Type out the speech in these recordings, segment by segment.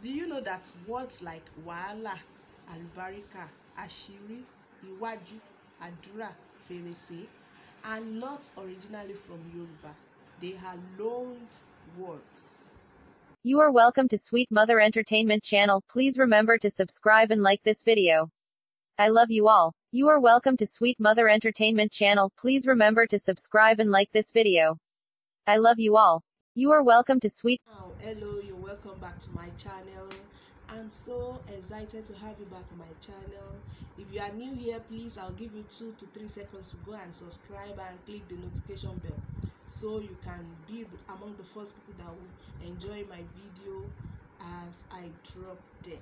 do you know that words like wàhálà albarika, ashiri, iwájú àdúrà fèrèsé are not originally from Yoruba they are loaned words. You are welcome to Sweet Mother Entertainment channel. Please remember to subscribe and like this video. I love you all. You are welcome to Sweet Mother Entertainment channel. Please remember to subscribe and like this video. I love you all. You are welcome to Sweet. Oh, hello welcome back to my channel i'm so excited to have you back on my channel if you are new here please i'll give you two to three seconds to go and subscribe and click the notification bell so you can be among the first people that will enjoy my video as i drop them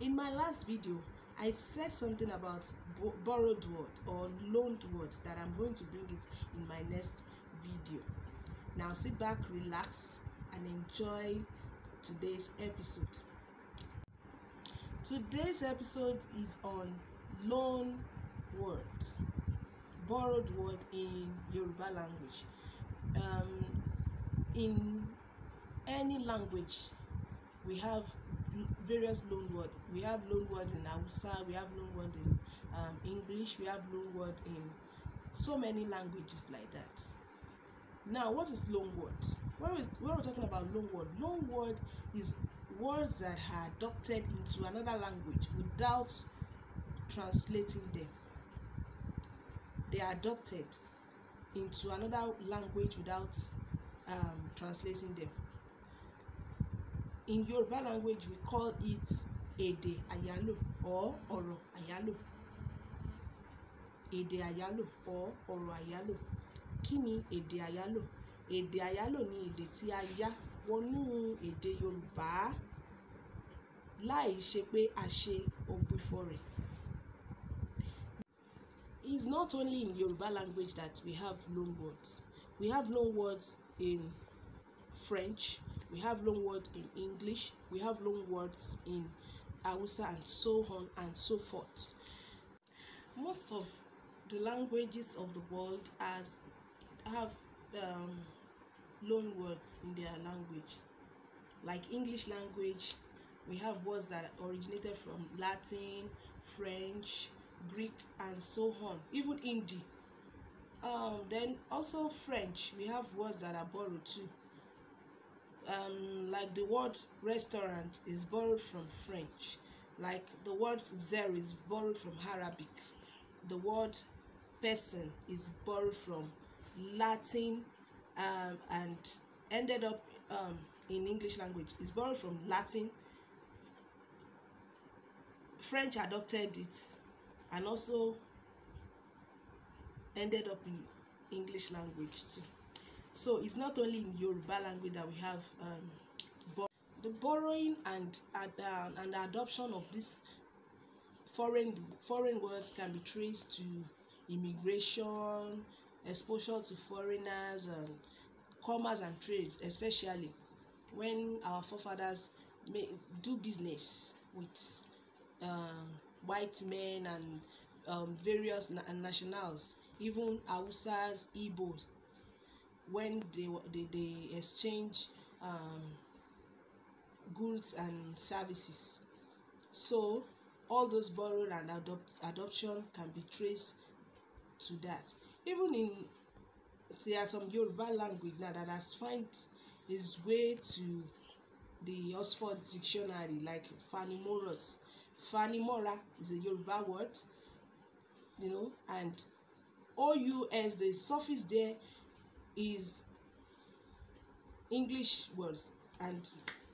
in my last video I said something about bo borrowed word or loaned word that I'm going to bring it in my next video. Now sit back, relax, and enjoy today's episode. Today's episode is on loan words, borrowed word in Yoruba language. Um, in any language, we have various loan word. We have loan word in Hausa, we have loan word in um, English, we have loan word in so many languages like that. Now, what is loan word? when we when we're talking about loan word loan word is words that are adopted into another language without translating them they are adopted into another language without um, translating them in Yoruba language we call it ede ayalo or oro ayalo, ede ayalo or oro ayalo, kini ede ayalo. Èdè àyálò ni èdè tí a yá wọnú èdè Yorùbá láì ṣe pé a ṣe ògbufọ̀ rẹ̀. It's not only in Yoruba language that we have loan words. We have loan words in French, we have loan words in English, we have loan words in Hausa and so on and so forth. Most of the languages of the world has have um, loan words in their language. Like English language, we have words that originated from Latin, French, Greek, and so on, even Hindi. Um, then also French, we have words that are borrowed too. Um, like the word restaurant is borrowed from French. Like the word zero is borrowed from Arabic. The word person is borrowed from Latin um, and ended up um, in English language. It's borrowed from Latin. French adopted it and also ended up in English language too. So it's not only in Yoruba language that we have um, bor the borrowing and uh, and the adoption of these foreign foreign words can be traced to immigration, exposure to foreigners, and commerce and trade especially when our forefathers may do business with um, white men and um, various na nationals even hausas igbos when they, they, they exchange um, goods and services so all those borrowed and adopt adoption can be traced to that even in there are some Yoruba language now that has find its way to the Oxford Dictionary, like Fanimoros. Fanimora is a Yoruba word, you know, and Ous the suffix there is English words, and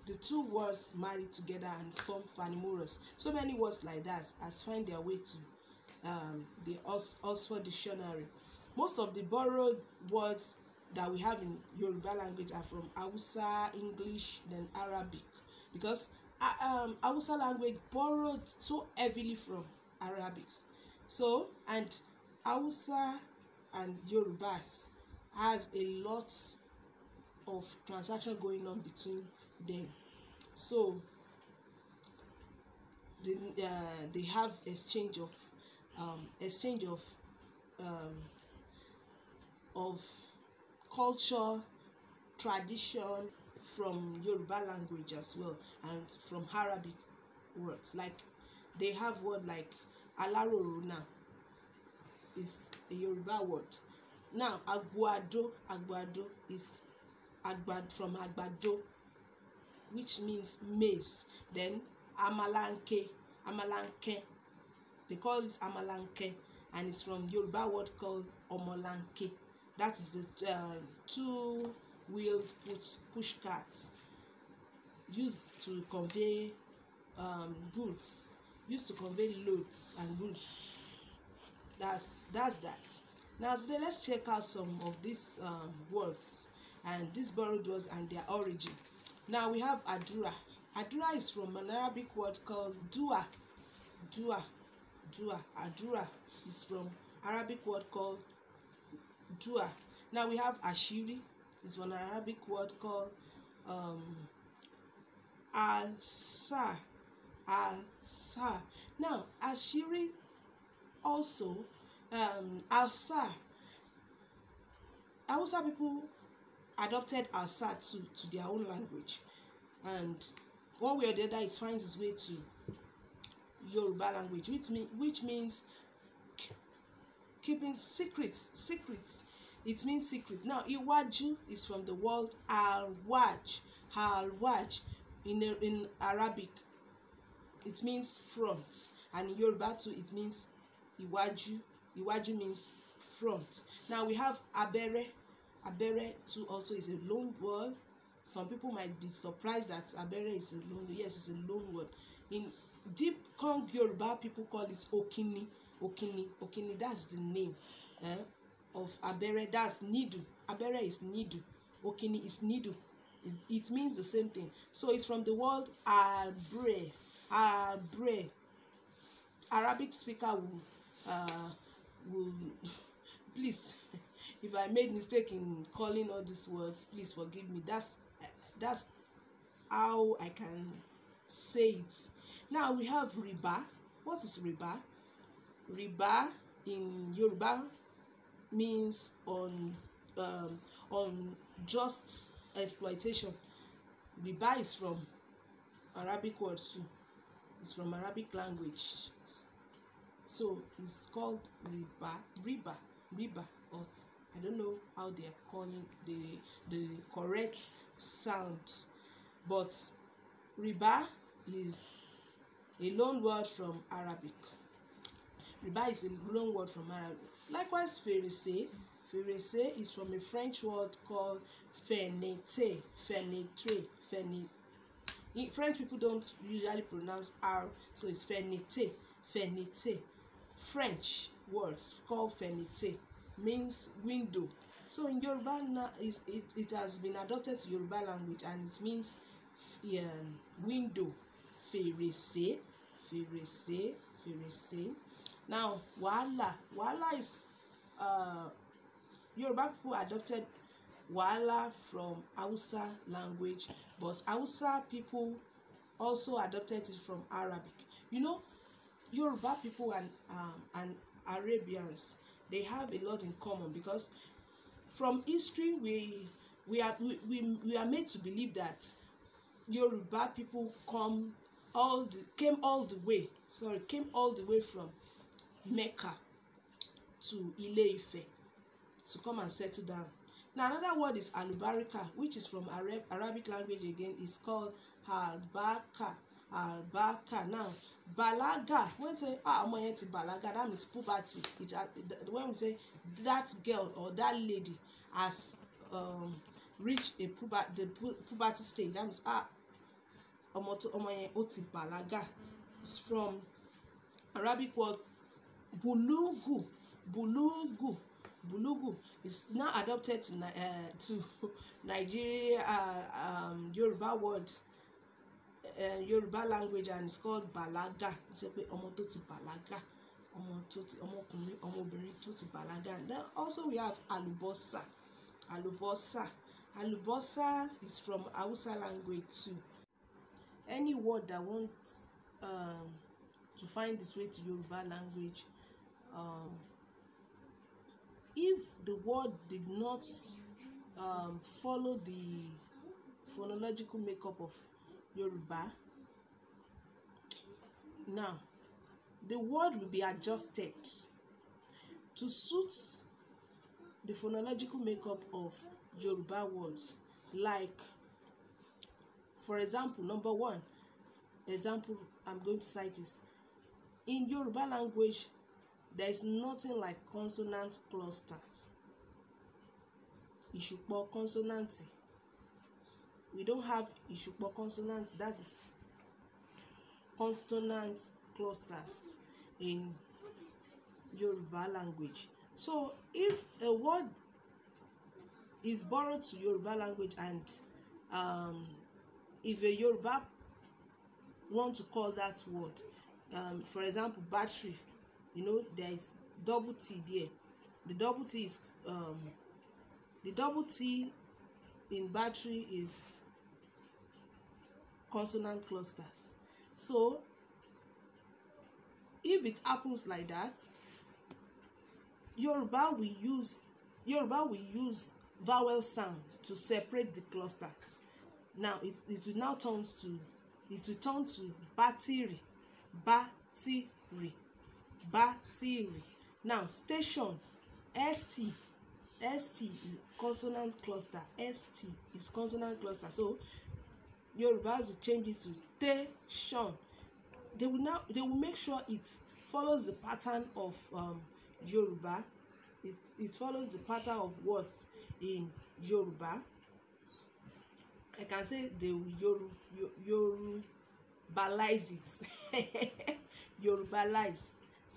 the two words marry together and form Fanimoros. So many words like that has find their way to um, the Oxford Dictionary. Most of the borrowed words that we have in Yoruba language are from Hausa, English, then Arabic, because um, Hausa language borrowed so heavily from Arabic. So, and Hausa and Yoruba has a lot of transaction going on between them. So, they, uh, they have exchange of um, exchange of um, of culture, tradition from Yoruba language as well and from Arabic words. Like they have word like alaroruna is a Yoruba word. Now agbado agbado is agbad from agbado which means maize. Then amalanke amalanke they call it amalanke and it's from Yoruba word called omolanke that is the uh, two-wheeled push carts used to convey um, goods used to convey loads and goods that's that's that now today let's check out some of these um, words and these borrowed words and their origin now we have adura adura is from an arabic word called dua dua dua adura is from arabic word called dua now we have ashiri it's from an arabic word called um al-sa al-sa now ashiri also um al-sa Hausa people adopted al-sa to to their own language and one way or the other it finds its way to Yoruba language which, mean, which means keeping secrets secrets it means secret now Iwaju is from the word alwaj alwaj in in Arabic it means front and in Yoruba too it means Iwaju. Iwaju means front now we have Abere. Abere too also is a loan word some people might be surprised that Abere is a loan yes it's a loan word in deep Kong Yoruba people call it okini okini okini that's the name eh, of Abere. that's needle Abere is needle okini is needle it, it means the same thing so it's from the word abre abre Arabic speaker will uh, will please if I made mistake in calling all these words please forgive me that's that's how I can say it now we have riba what is riba Riba in Yoruba means on um, just exploitation. Riba is from Arabic word too. It's from Arabic language. So it's called riba, riba, riba. Or I don't know how they are calling the the correct sound, but riba is a loan word from Arabic. Rìbá is a loan word from Arabic. Likewise, fèrèsé. Fèrèsé is from a French word called fenêtre. fenetre, Fenêtre. French people don't usually pronounce R, so it's fenêtre. Fenêtre. French words called fenêtre means window. So in Yoruba now, it, it has been adopted to Yoruba language and it means um, window. Fèrèsé. Fèrèsé. Fèrèsé now wàhálà wàhálà is uh, Yoruba people adopted wàhálà from Hausa language but Hausa people also adopted it from Arabic you know Yoruba people and um, and Arabians they have a lot in common because from history we we are we, we, we are made to believe that Yoruba people come all the came all the way sorry came all the way from Mecca to Ile-Ife to come and settle down. Now another word is albarika, which is from Arab, Arabic language again, is called albaka. Albaka. Now balaga, when we say ah Omo yẹn ti balaga, that means puberty. It when we say that girl or that lady has um, reached a puber the puberty stage, that means ah Omo to Omo yẹn ó ti balaga. It's from Arabic word Bulugu, Bulugu, Bulugu is now adopted to, uh, to Nigeria uh, um, Yoruba word, uh, Yoruba language and it's called Balaga. Ṣé pé ọmọ tó to Balaga, ọmọ tó ti ọmọkùnrin, ọmọbìnrin tó ti bàlágà. And then also we have Alubosa, Alubosa, Alubosa is from Hausa language too. Any word that wants um, to find its way to Yoruba language um, if the word did not um, follow the phonological makeup of Yoruba, now the word will be adjusted to suit the phonological makeup of Yoruba words like for example number one example I'm going to cite is in Yoruba language there is nothing like consonant clusters ìṣùpọ̀ consonant we don't have ìṣùpọ̀ consonant that is consonant clusters in Yoruba language so if a word is borrowed to Yoruba language and um, if a Yoruba want to call that word um, for example battery you know there is double t there the double t is um, the double t in battery is consonant clusters so if it happens like that Yoruba will use Yoruba will use vowel sound to separate the clusters now it, it will now turn to it will turn to battery, battery battery now station st st is consonant cluster st is consonant cluster so yorubas will change it to station they will now they will make sure it follows the pattern of um, yoruba it, it follows the pattern of words in yoruba i can say they will yoru, yoru yorubalize it yorubalize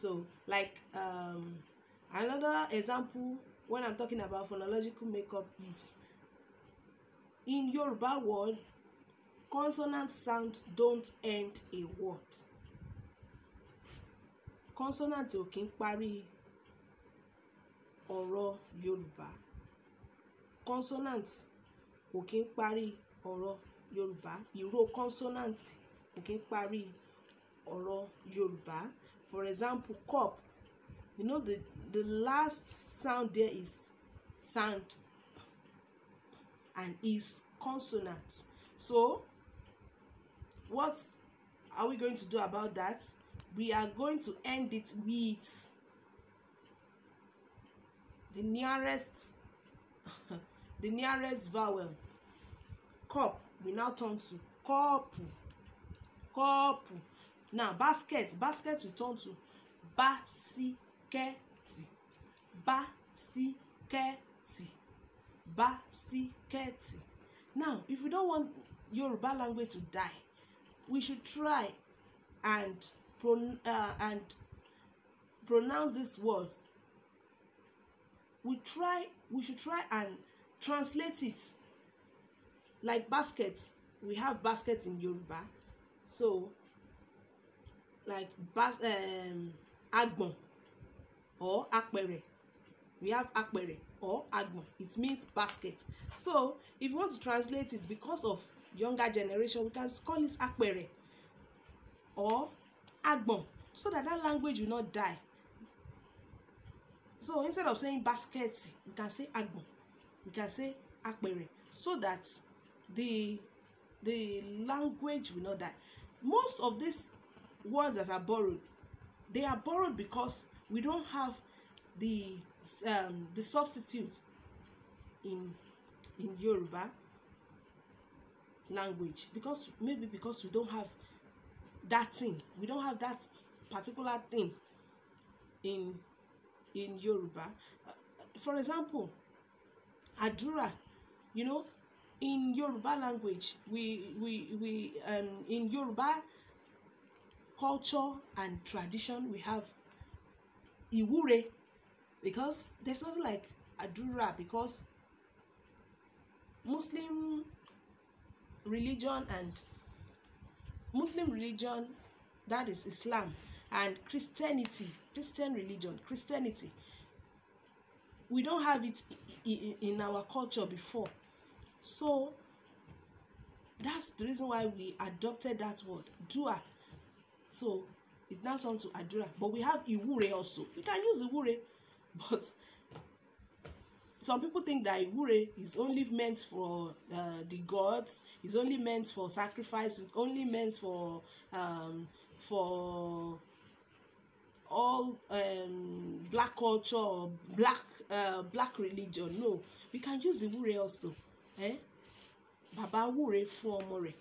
So, like um, another example when I'm talking about phonological makeup is in Yoruba word, consonant sound don't end a word. Consonant ò kí ń parí ọ̀rọ̀ Yorùbá. Consonant kò kí ń parí ọ̀rọ̀ Yorùbá. Ìró consonant kò kí ń parí ọ̀rọ̀ Yorùbá for example cup you know the the last sound there is sound and is consonant so what are we going to do about that we are going to end it with the nearest the nearest vowel cup we now turn to cup cup now basket basket we turn to basikẹ́ẹ̀tì basikẹ́ẹ̀tì basikẹ́ẹ̀tì now if you don't want Yoruba language to die we should try and pron uh, and pronounce these words we try we should try and translate it like basket we have basket in Yoruba so like bas um, agbon or apẹ̀rẹ̀ we have apẹ̀rẹ̀ or agbon it means basket so if you want to translate it because of younger generation we can call it apẹ̀rẹ̀ or agbon so that that language will not die so instead of saying basket we can say agbon we can say apẹ̀rẹ̀ so that the the language will not die most of these words that are borrowed they are borrowed because we don't have the um, the substitute in in Yoruba language because maybe because we don't have that thing we don't have that particular thing in in Yoruba uh, for example Adura, you know in Yoruba language we we we um, in Yoruba culture and tradition we have Iwure because there's nothing like Adura because muslim religion and muslim religion that is islam and christianity christian religion christianity we don't have it in our culture before so that's the reason why we adopted that word dua so it now turns to adura but we have iwure also we can use iwure but some people think that iwure is only meant for uh, the gods is only meant for sacrifice is only meant for um, for all um, black culture or black uh, black religion no we can use iwure also eh? baba wure fún ọmọ rẹ̀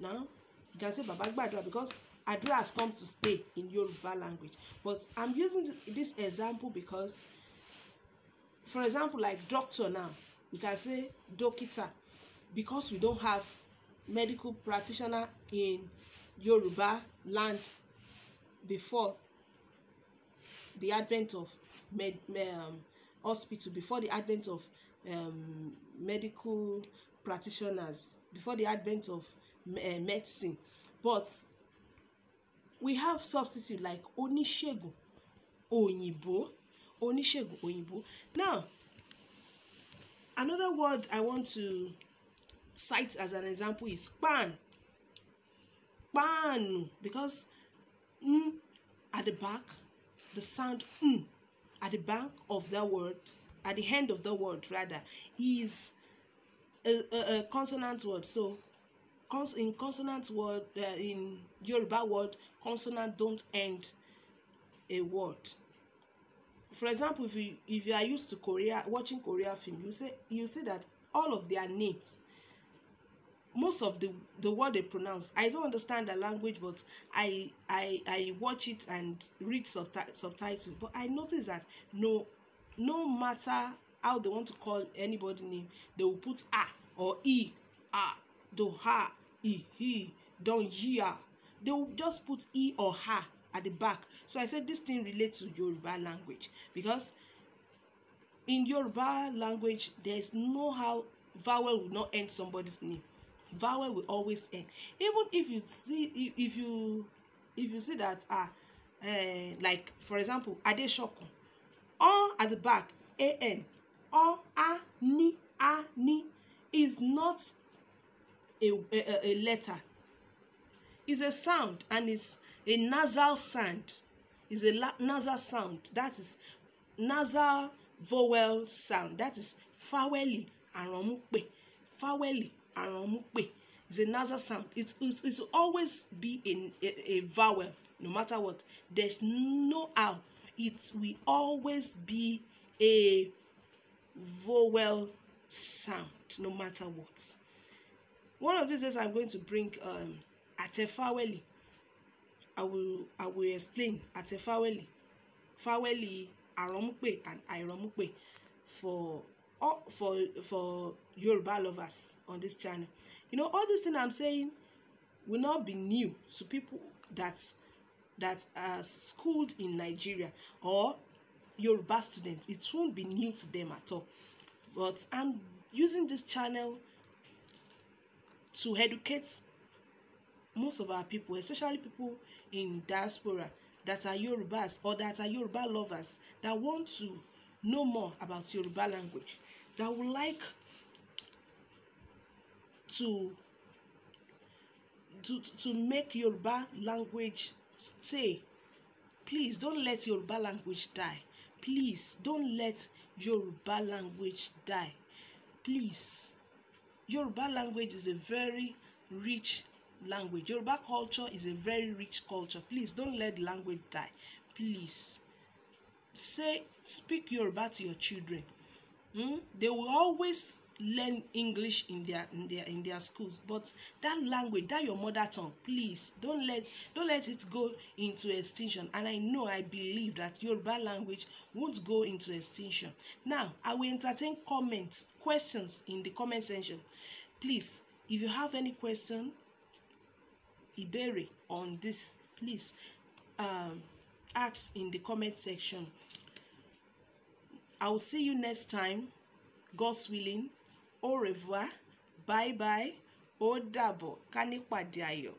now you can say baba gbàdúrà because Adua has come to stay in Yoruba language. But I'm using this example because, for example, like doctor now, we can say dokita because we don't have medical practitioner in Yoruba land before the advent of med, um, hospital, before the advent of um, medical practitioners, before the advent of uh, medicine. But we have substitute like oníṣègùn òyìnbó oníṣègùn òyìnbó now another word i want to cite as an example is pan panu because mm at the back the sound mm at the back of that word at the end of the word rather is a, a, a consonant word so cons in consonant word uh, in Yoruba word consonant don't end a word for example if you if you are used to korea watching korea film you say you say that all of their names most of the the word they pronounce i don't understand the language but i i i watch it and read subti subtitles but i notice that no no matter how they want to call anybody name they will put a ah or e a ah, do ha e he don yia they will just put he or her at the back so i said this thing relates to yoruba language because in yoruba language there's no how vowel will not end somebody's name vowel will always end even if you see if you if you see that ah uh, like for example adesokun or at the back an or a ni a ni is not a, a, a letter is a sound and it's a nasal sound is a nasal sound that is nasal vowel sound that is faweli aranmupe faweli aranmupe is a nasal sound it it it will always be a, a a vowel no matter what there's no how it will always be a vowel sound no matter what one of these days i'm going to bring um àtẹ fáwẹ́lì I will I will explain àtẹ fáwẹ́lì fáwẹ́lì àrọ́múpè and àìrọ́múpè for all for for Yoruba lovers on this channel you know all this thing I'm saying will not be new to people that that are schooled in Nigeria or Yoruba students it won't be new to them at all but I'm using this channel to educate most of our people especially people in diaspora that are Yorubas or that are Yoruba lovers that want to know more about Yoruba language that would like to to to make Yoruba language stay please don't let Yoruba language die please don't let Yoruba language die please Yoruba language is a very rich language yoruba culture is a very rich culture please don't let the language die please say speak yoruba to your children mm? they will always learn english in their in their in their schools but that language that your mother tongue please don't let don't let it go into extinction and i know i believe that yoruba language won't go into extinction now i will entertain comments questions in the comment section please if you have any question ìbéèrè on this please um, ask in the comment section i will see you next time god's willing au revoir bye bye ó dàbọ̀ ká nípàdé ayọ̀.